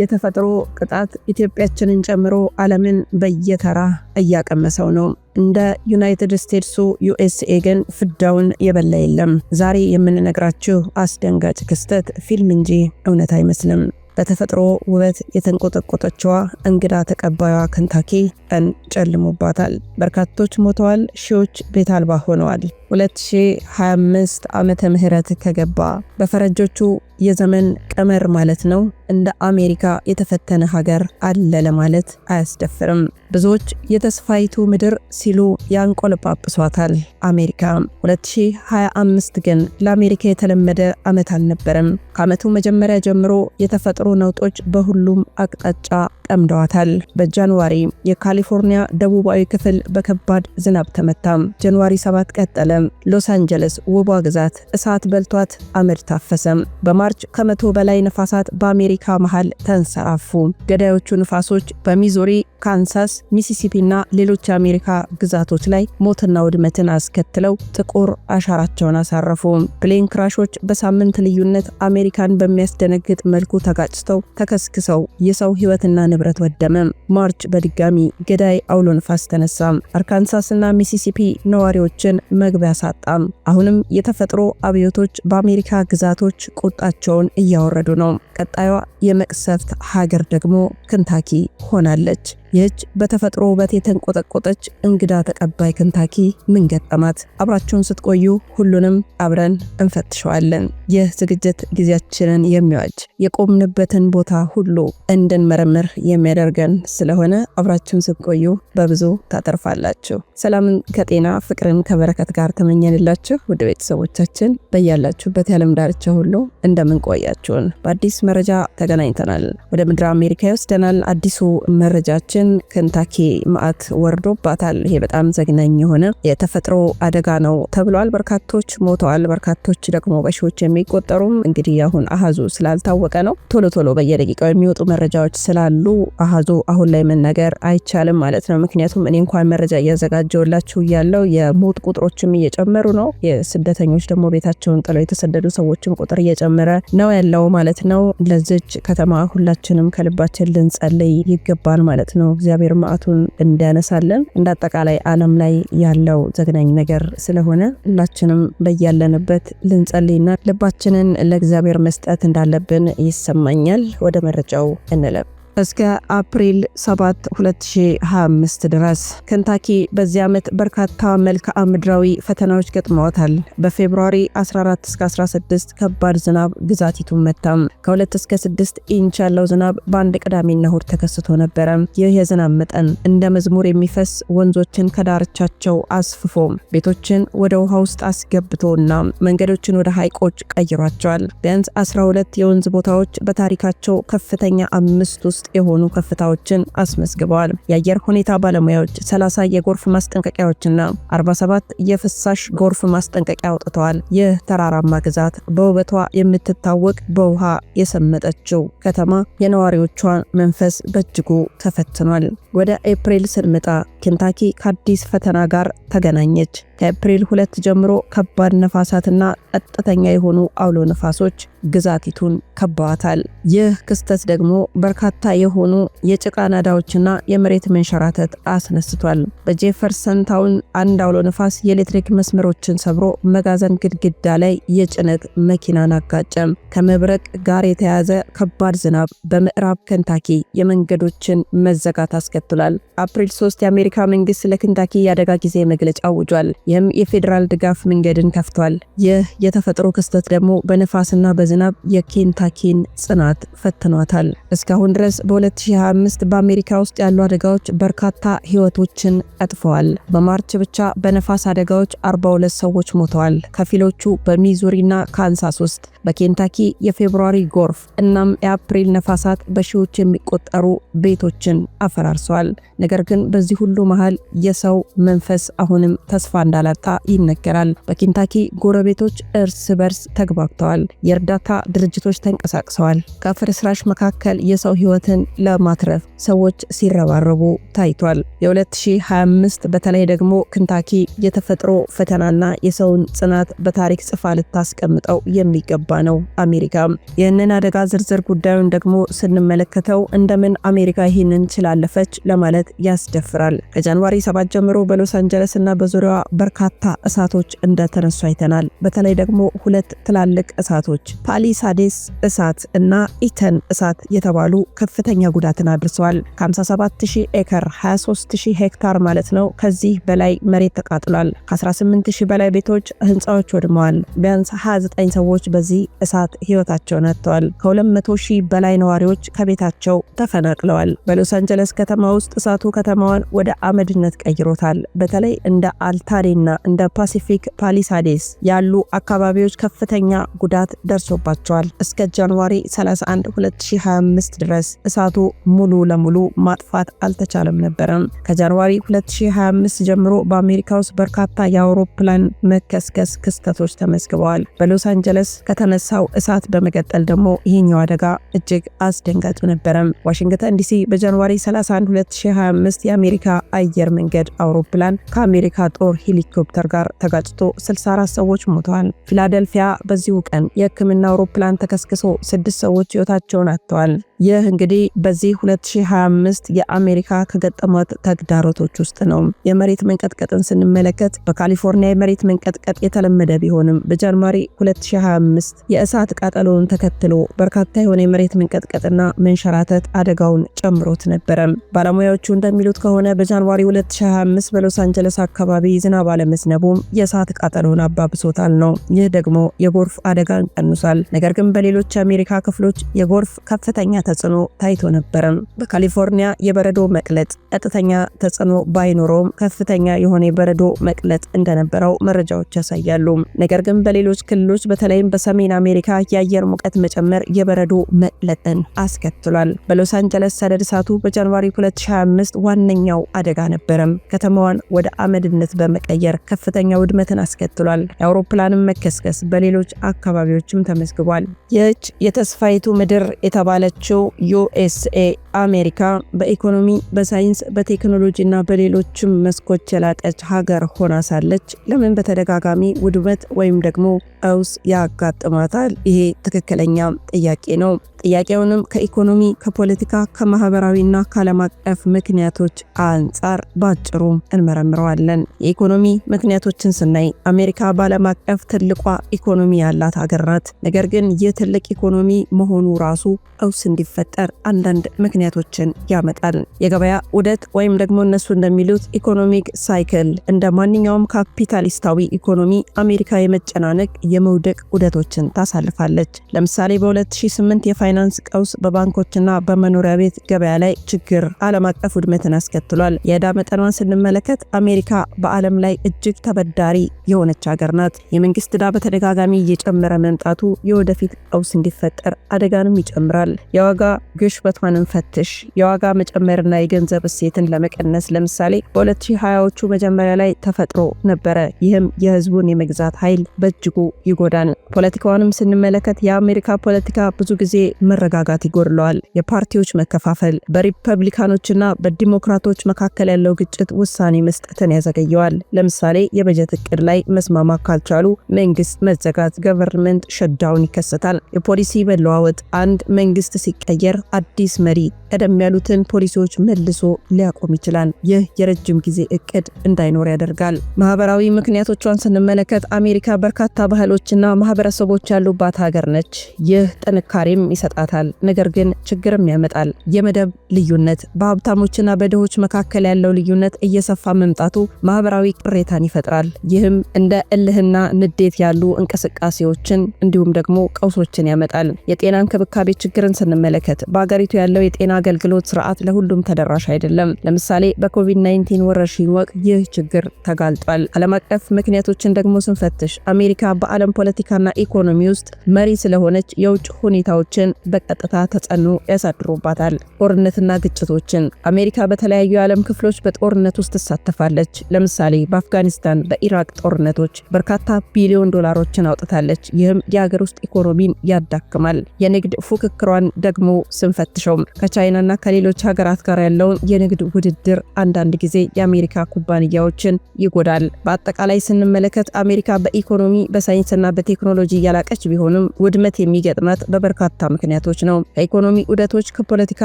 የተፈጥሮ ቅጣት ኢትዮጵያችንን ጨምሮ ዓለምን በየተራ እያቀመሰው ነው። እንደ ዩናይትድ ስቴትሱ ዩኤስኤ ግን ፍዳውን የበላ የለም። ዛሬ የምንነግራችሁ አስደንጋጭ ክስተት ፊልም እንጂ እውነት አይመስልም። በተፈጥሮ ውበት የተንቆጠቆጠችዋ እንግዳ ተቀባዩዋ ከንታኪ ቀን ጨልሞባታል። በርካቶች ሞተዋል፣ ሺዎች ቤት አልባ ሆነዋል። 2025 ዓመተ ምህረት ከገባ በፈረጆቹ ። የዘመን ቀመር ማለት ነው እንደ አሜሪካ የተፈተነ ሀገር አለ ለማለት አያስደፍርም። ብዙዎች የተስፋይቱ ምድር ሲሉ ያንቆለጳጵሷታል። አሜሪካ 2025 ግን ለአሜሪካ የተለመደ ዓመት አልነበረም። ከዓመቱ መጀመሪያ ጀምሮ የተፈጥሮ ነውጦች በሁሉም አቅጣጫ ጠምደዋታል። በጃንዋሪ የካሊፎርኒያ ደቡባዊ ክፍል በከባድ ዝናብ ተመታም። ጃንዋሪ 7 ቀጠለ። ሎስ አንጀለስ ውቧ ግዛት እሳት በልቷት አመድ ታፈሰም። በማ ማርች ከመቶ በላይ ነፋሳት በአሜሪካ መሃል ተንሰራፉ። ገዳዮቹ ንፋሶች በሚዙሪ፣ ካንሳስ፣ ሚሲሲፒ እና ሌሎች የአሜሪካ ግዛቶች ላይ ሞትና ውድመትን አስከትለው ጥቁር አሻራቸውን አሳረፉ። ፕሌን ክራሾች በሳምንት ልዩነት አሜሪካን በሚያስደነግጥ መልኩ ተጋጭተው ተከስክሰው የሰው ሕይወትና ንብረት ወደመ። ማርች በድጋሚ ገዳይ አውሎ ንፋስ ተነሳ። አርካንሳስና ሚሲሲፒ ነዋሪዎችን መግቢያ ሳጣም። አሁንም የተፈጥሮ አብዮቶች በአሜሪካ ግዛቶች ቁጣ እጃቸውን እያወረዱ ነው። ቀጣዩ የመቅሰፍት ሀገር ደግሞ ክንታኪ ሆናለች። ይህች በተፈጥሮ ውበት የተንቆጠቆጠች እንግዳ ተቀባይ ክንታኪ ምን ገጠማት? አብራችሁን ስትቆዩ ሁሉንም አብረን እንፈትሸዋለን። ይህ ዝግጅት ጊዜያችንን የሚዋጅ የቆምንበትን ቦታ ሁሉ እንድንመረምር የሚያደርገን ስለሆነ አብራችሁን ስትቆዩ በብዙ ታተርፋላችሁ። ሰላምን ከጤና ፍቅርን ከበረከት ጋር ተመኘንላችሁ። ውድ ቤተሰቦቻችን በያላችሁበት የዓለም ዳርቻ ሁሉ እንደምንቆያችሁን በአዲስ መረጃ ተገናኝተናል። ወደ ምድር አሜሪካ ይወስደናል አዲሱ መረጃችን ሀገራችን ከንታኪ መዓት ወርዶባታል። ይሄ በጣም ዘግናኝ የሆነ የተፈጥሮ አደጋ ነው ተብሏል። በርካቶች ሞተዋል። በርካቶች ደግሞ በሺዎች የሚቆጠሩም እንግዲህ አሁን አሃዙ ስላልታወቀ ነው ቶሎ ቶሎ በየደቂቃው የሚወጡ መረጃዎች ስላሉ አሃዙ አሁን ላይ መናገር አይቻልም ማለት ነው። ምክንያቱም እኔ እንኳን መረጃ እያዘጋጀውላችሁ ያለው የሞት ቁጥሮችም እየጨመሩ ነው። የስደተኞች ደግሞ ቤታቸውን ጥለው የተሰደዱ ሰዎችም ቁጥር እየጨመረ ነው ያለው ማለት ነው። ለዚች ከተማ ሁላችንም ከልባችን ልንጸልይ ይገባል ማለት ነው። ነው እግዚአብሔር መዓቱን እንዲያነሳለን። እንደ አጠቃላይ ዓለም ላይ ያለው ዘግናኝ ነገር ስለሆነ ሁላችንም በያለንበት ልንጸልይና ልባችንን ለእግዚአብሔር መስጠት እንዳለብን ይሰማኛል። ወደ መረጃው እንለብ። እስከ አፕሪል 7 2025 ድረስ ከንታኪ በዚህ ዓመት በርካታ መልክዓ ምድራዊ ፈተናዎች ገጥመዋታል። በፌብሩዋሪ 14-16 ከባድ ዝናብ ግዛቲቱን መታም። ከ2 እስከ 6 ኢንች ያለው ዝናብ በአንድ ቅዳሜና እሁድ ተከስቶ ነበረ። ይህ የዝናብ መጠን እንደ መዝሙር የሚፈስ ወንዞችን ከዳርቻቸው አስፍፎ ቤቶችን ወደ ውሃ ውስጥ አስገብቶና መንገዶችን ወደ ሐይቆች ቀይሯቸዋል። ቢያንስ 12 የወንዝ ቦታዎች በታሪካቸው ከፍተኛ አምስት ውስጥ ውስጥ የሆኑ ከፍታዎችን አስመዝግበዋል። የአየር ሁኔታ ባለሙያዎች 30 የጎርፍ ማስጠንቀቂያዎችና 47 የፍሳሽ ጎርፍ ማስጠንቀቂያ አውጥተዋል። ይህ ተራራማ ግዛት በውበቷ የምትታወቅ በውሃ የሰመጠችው ከተማ የነዋሪዎቿን መንፈስ በእጅጉ ተፈትኗል። ወደ ኤፕሪል ስንመጣ ኬንታኪ ከአዲስ ፈተና ጋር ተገናኘች። ከኤፕሪል ሁለት ጀምሮ ከባድ ነፋሳትና ቀጥተኛ የሆኑ አውሎ ነፋሶች ግዛቲቱን ከበዋታል። ይህ ክስተት ደግሞ በርካታ የሆኑ የጭቃ ናዳዎችና የመሬት መንሸራተት አስነስቷል። በጄፈርሰን ታውን አንድ አውሎ ነፋስ የኤሌክትሪክ መስመሮችን ሰብሮ መጋዘን ግድግዳ ላይ የጭነት መኪናን አጋጨም። ከመብረቅ ጋር የተያዘ ከባድ ዝናብ በምዕራብ ከንታኪ የመንገዶችን መዘጋት አስከትሏል። አፕሪል 3 የአሜሪካ መንግስት ለከንታኪ የአደጋ ጊዜ መግለጫ አውጇል። ይህም የፌዴራል ድጋፍ መንገድን ከፍቷል። ይህ የተፈጥሮ ክስተት ደግሞ በነፋስና በዝናብ የኬንታኪን ጽናት ፈትኗታል። እስካሁን ድረስ በ2025 በአሜሪካ ውስጥ ያሉ አደጋዎች በርካታ ህይወቶችን ቀጥፈዋል። በማርች ብቻ በነፋስ አደጋዎች 42 ሰዎች ሞተዋል፣ ከፊሎቹ በሚዙሪና ካንሳስ ውስጥ። በኬንታኪ የፌብሩዋሪ ጎርፍ እናም የአፕሪል ነፋሳት በሺዎች የሚቆጠሩ ቤቶችን አፈራርሰዋል። ነገር ግን በዚህ ሁሉ መሃል የሰው መንፈስ አሁንም ተስፋ እንዳለ እንዳላጣ ይነገራል። በኬንታኪ ጎረቤቶች እርስ በርስ ተግባብተዋል። የእርዳታ ድርጅቶች ተንቀሳቅሰዋል። ከፍርስራሽ መካከል የሰው ህይወትን ለማትረፍ ሰዎች ሲረባረቡ ታይቷል። የ2025 በተለይ ደግሞ ኪንታኪ የተፈጥሮ ፈተናና የሰውን ጽናት በታሪክ ጽፋ ልታስቀምጠው የሚገባ ነው። አሜሪካ ይህንን አደጋ ዝርዝር ጉዳዩን ደግሞ ስንመለከተው እንደምን አሜሪካ ይህንን ችላለፈች ለማለት ያስደፍራል። ከጃንዋሪ 7 ጀምሮ በሎስ አንጀለስ እና በዙሪያዋ በርካታ እሳቶች እንደተነሱ አይተናል። በተለይ ደግሞ ሁለት ትላልቅ እሳቶች ፓሊሳዴስ እሳት እና ኢተን እሳት የተባሉ ከፍተኛ ጉዳትን አድርሰዋል። ከ57000 ኤከር 23000 ሄክታር ማለት ነው ከዚህ በላይ መሬት ተቃጥሏል። ከ18000 በላይ ቤቶች፣ ህንፃዎች ወድመዋል። ቢያንስ 29 ሰዎች በዚህ እሳት ህይወታቸውን አጥተዋል። ከ200000 በላይ ነዋሪዎች ከቤታቸው ተፈናቅለዋል። በሎስ አንጀለስ ከተማ ውስጥ እሳቱ ከተማዋን ወደ አመድነት ቀይሮታል። በተለይ እንደ አልታሪ ና እንደ ፓሲፊክ ፓሊሳዴስ ያሉ አካባቢዎች ከፍተኛ ጉዳት ደርሶባቸዋል። እስከ ጃንዋሪ 31 2025 ድረስ እሳቱ ሙሉ ለሙሉ ማጥፋት አልተቻለም ነበረም። ከጃንዋሪ 2025 ጀምሮ በአሜሪካ ውስጥ በርካታ የአውሮፕላን መከስከስ ክስተቶች ተመዝግበዋል። በሎስ አንጀለስ ከተነሳው እሳት በመቀጠል ደግሞ ይህኛው አደጋ እጅግ አስደንጋጭ ነበረም። ዋሽንግተን ዲሲ በጃንዋሪ 31 2025 የአሜሪካ አየር መንገድ አውሮፕላን ከአሜሪካ ጦር ሂሊ ሄሊኮፕተር ጋር ተጋጭቶ 64 ሰዎች ሞተዋል። ፊላደልፊያ በዚሁ ቀን የህክምና አውሮፕላን ተከስክሶ ስድስት ሰዎች ሕይወታቸውን አጥተዋል። ይህ እንግዲህ በዚህ 2025 የአሜሪካ ከገጠሟት ተግዳሮቶች ውስጥ ነው። የመሬት መንቀጥቀጥን ስንመለከት በካሊፎርኒያ የመሬት መንቀጥቀጥ የተለመደ ቢሆንም በጃንዋሪ 2025 የእሳት ቃጠሎውን ተከትሎ በርካታ የሆነ የመሬት መንቀጥቀጥና መንሸራተት አደጋውን ጨምሮት ነበረ። ባለሙያዎቹ እንደሚሉት ከሆነ በጃንዋሪ 2025 በሎስ አንጀለስ አካባቢ ዝናብ አለመዝነቡም የእሳት ቃጠሎውን አባብሶታል ነው። ይህ ደግሞ የጎርፍ አደጋን ቀንሷል። ነገር ግን በሌሎች የአሜሪካ ክፍሎች የጎርፍ ከፍተኛ ተጽዕኖ ታይቶ ነበረም። በካሊፎርኒያ የበረዶ መቅለጥ ቀጥተኛ ተጽዕኖ ባይኖረውም ከፍተኛ የሆነ የበረዶ መቅለጥ እንደነበረው መረጃዎች ያሳያሉ። ነገር ግን በሌሎች ክልሎች በተለይም በሰሜን አሜሪካ የአየር ሙቀት መጨመር የበረዶ መቅለጥን አስከትሏል። በሎስ አንጀለስ ሰደድ እሳቱ በጃንዋሪ 2025 ዋነኛው አደጋ ነበረም። ከተማዋን ወደ አመድነት በመቀየር ከፍተኛ ውድመትን አስከትሏል። የአውሮፕላንም መከስከስ በሌሎች አካባቢዎችም ተመዝግቧል። ይህች የተስፋይቱ ምድር የተባለችው USA አሜሪካ በኢኮኖሚ በሳይንስ በቴክኖሎጂና በሌሎችም መስኮች የላቀች ሀገር ሆና ሳለች ለምን በተደጋጋሚ ውድመት ወይም ደግሞ ቀውስ ያጋጥማታል? ይሄ ትክክለኛ ጥያቄ ነው። ጥያቄውንም ከኢኮኖሚ ከፖለቲካ፣ ከማህበራዊና ከዓለም አቀፍ ምክንያቶች አንጻር ባጭሩ እንመረምረዋለን። የኢኮኖሚ ምክንያቶችን ስናይ አሜሪካ በዓለም አቀፍ ትልቋ ኢኮኖሚ ያላት ሀገር ናት። ነገር ግን ይህ ትልቅ ኢኮኖሚ መሆኑ ራሱ ቀውስ እንዲፈጠር አንዳንድ ምክንያት ምክንያቶችን ያመጣል። የገበያ ውደት ወይም ደግሞ እነሱ እንደሚሉት ኢኮኖሚክ ሳይክል እንደ ማንኛውም ካፒታሊስታዊ ኢኮኖሚ አሜሪካ የመጨናነቅ የመውደቅ ውደቶችን ታሳልፋለች። ለምሳሌ በ2008 የፋይናንስ ቀውስ በባንኮችና በመኖሪያ ቤት ገበያ ላይ ችግር ዓለም አቀፍ ውድመትን አስከትሏል። የዕዳ መጠኗን ስንመለከት አሜሪካ በዓለም ላይ እጅግ ተበዳሪ የሆነች ሀገር ናት። የመንግስት ዕዳ በተደጋጋሚ እየጨመረ መምጣቱ የወደፊት ቀውስ እንዲፈጠር አደጋንም ይጨምራል። የዋጋ ግሽበቷንም ፈት ፍትሽ የዋጋ መጨመርና የገንዘብ እሴትን ለመቀነስ ለምሳሌ በ2020ዎቹ መጀመሪያ ላይ ተፈጥሮ ነበረ። ይህም የህዝቡን የመግዛት ኃይል በእጅጉ ይጎዳል። ፖለቲካውንም ስንመለከት የአሜሪካ ፖለቲካ ብዙ ጊዜ መረጋጋት ይጎድለዋል። የፓርቲዎች መከፋፈል፣ በሪፐብሊካኖችና በዲሞክራቶች መካከል ያለው ግጭት ውሳኔ መስጠትን ያዘገየዋል። ለምሳሌ የበጀት እቅድ ላይ መስማማት ካልቻሉ መንግስት መዘጋት፣ ገቨርንመንት ሸዳውን ይከሰታል። የፖሊሲ መለዋወጥ፣ አንድ መንግስት ሲቀየር አዲስ መሪ ቀደም ያሉትን ፖሊሲዎች መልሶ ሊያቆም ይችላል። ይህ የረጅም ጊዜ እቅድ እንዳይኖር ያደርጋል። ማህበራዊ ምክንያቶቿን ስንመለከት አሜሪካ በርካታ ባህሎችና ማህበረሰቦች ያሉባት ሀገር ነች። ይህ ጥንካሬም ይሰጣታል፣ ነገር ግን ችግርም ያመጣል። የመደብ ልዩነት፣ በሀብታሞችና በድሆች መካከል ያለው ልዩነት እየሰፋ መምጣቱ ማህበራዊ ቅሬታን ይፈጥራል። ይህም እንደ እልህና ንዴት ያሉ እንቅስቃሴዎችን እንዲሁም ደግሞ ቀውሶችን ያመጣል። የጤና እንክብካቤ ችግርን ስንመለከት በአገሪቱ ያለው የጤና አገልግሎት ስርዓት ለሁሉም ተደራሽ አይደለም። ለምሳሌ በኮቪድ-19 ወረርሽኝ ወቅት ይህ ችግር ተጋልጧል። ዓለም አቀፍ ምክንያቶችን ደግሞ ስንፈትሽ አሜሪካ በዓለም ፖለቲካና ኢኮኖሚ ውስጥ መሪ ስለሆነች የውጭ ሁኔታዎችን በቀጥታ ተጽዕኖ ያሳድሩባታል። ጦርነትና ግጭቶችን አሜሪካ በተለያዩ የዓለም ክፍሎች በጦርነት ውስጥ ትሳተፋለች። ለምሳሌ በአፍጋኒስታን፣ በኢራቅ ጦርነቶች በርካታ ቢሊዮን ዶላሮችን አውጥታለች። ይህም የሀገር ውስጥ ኢኮኖሚን ያዳክማል። የንግድ ፉክክሯን ደግሞ ስንፈትሸውም ከቻይና ከቻይናና ከሌሎች ሀገራት ጋር ያለውን የንግድ ውድድር አንዳንድ ጊዜ የአሜሪካ ኩባንያዎችን ይጎዳል። በአጠቃላይ ስንመለከት አሜሪካ በኢኮኖሚ በሳይንስና በቴክኖሎጂ እያላቀች ቢሆንም ውድመት የሚገጥማት በበርካታ ምክንያቶች ነው። ከኢኮኖሚ ውደቶች፣ ከፖለቲካ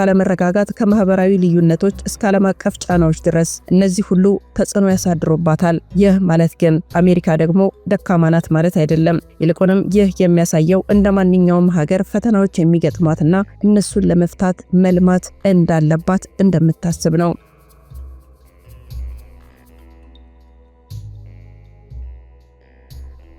ለመረጋጋት ከማህበራዊ ልዩነቶች እስከ ዓለም አቀፍ ጫናዎች ድረስ እነዚህ ሁሉ ተጽዕኖ ያሳድሮባታል። ይህ ማለት ግን አሜሪካ ደግሞ ደካማ ናት ማለት አይደለም። ይልቁንም ይህ የሚያሳየው እንደ ማንኛውም ሀገር ፈተናዎች የሚገጥማትና እነሱን ለመፍታት መልማት መሰማት እንዳለባት እንደምታስብ ነው።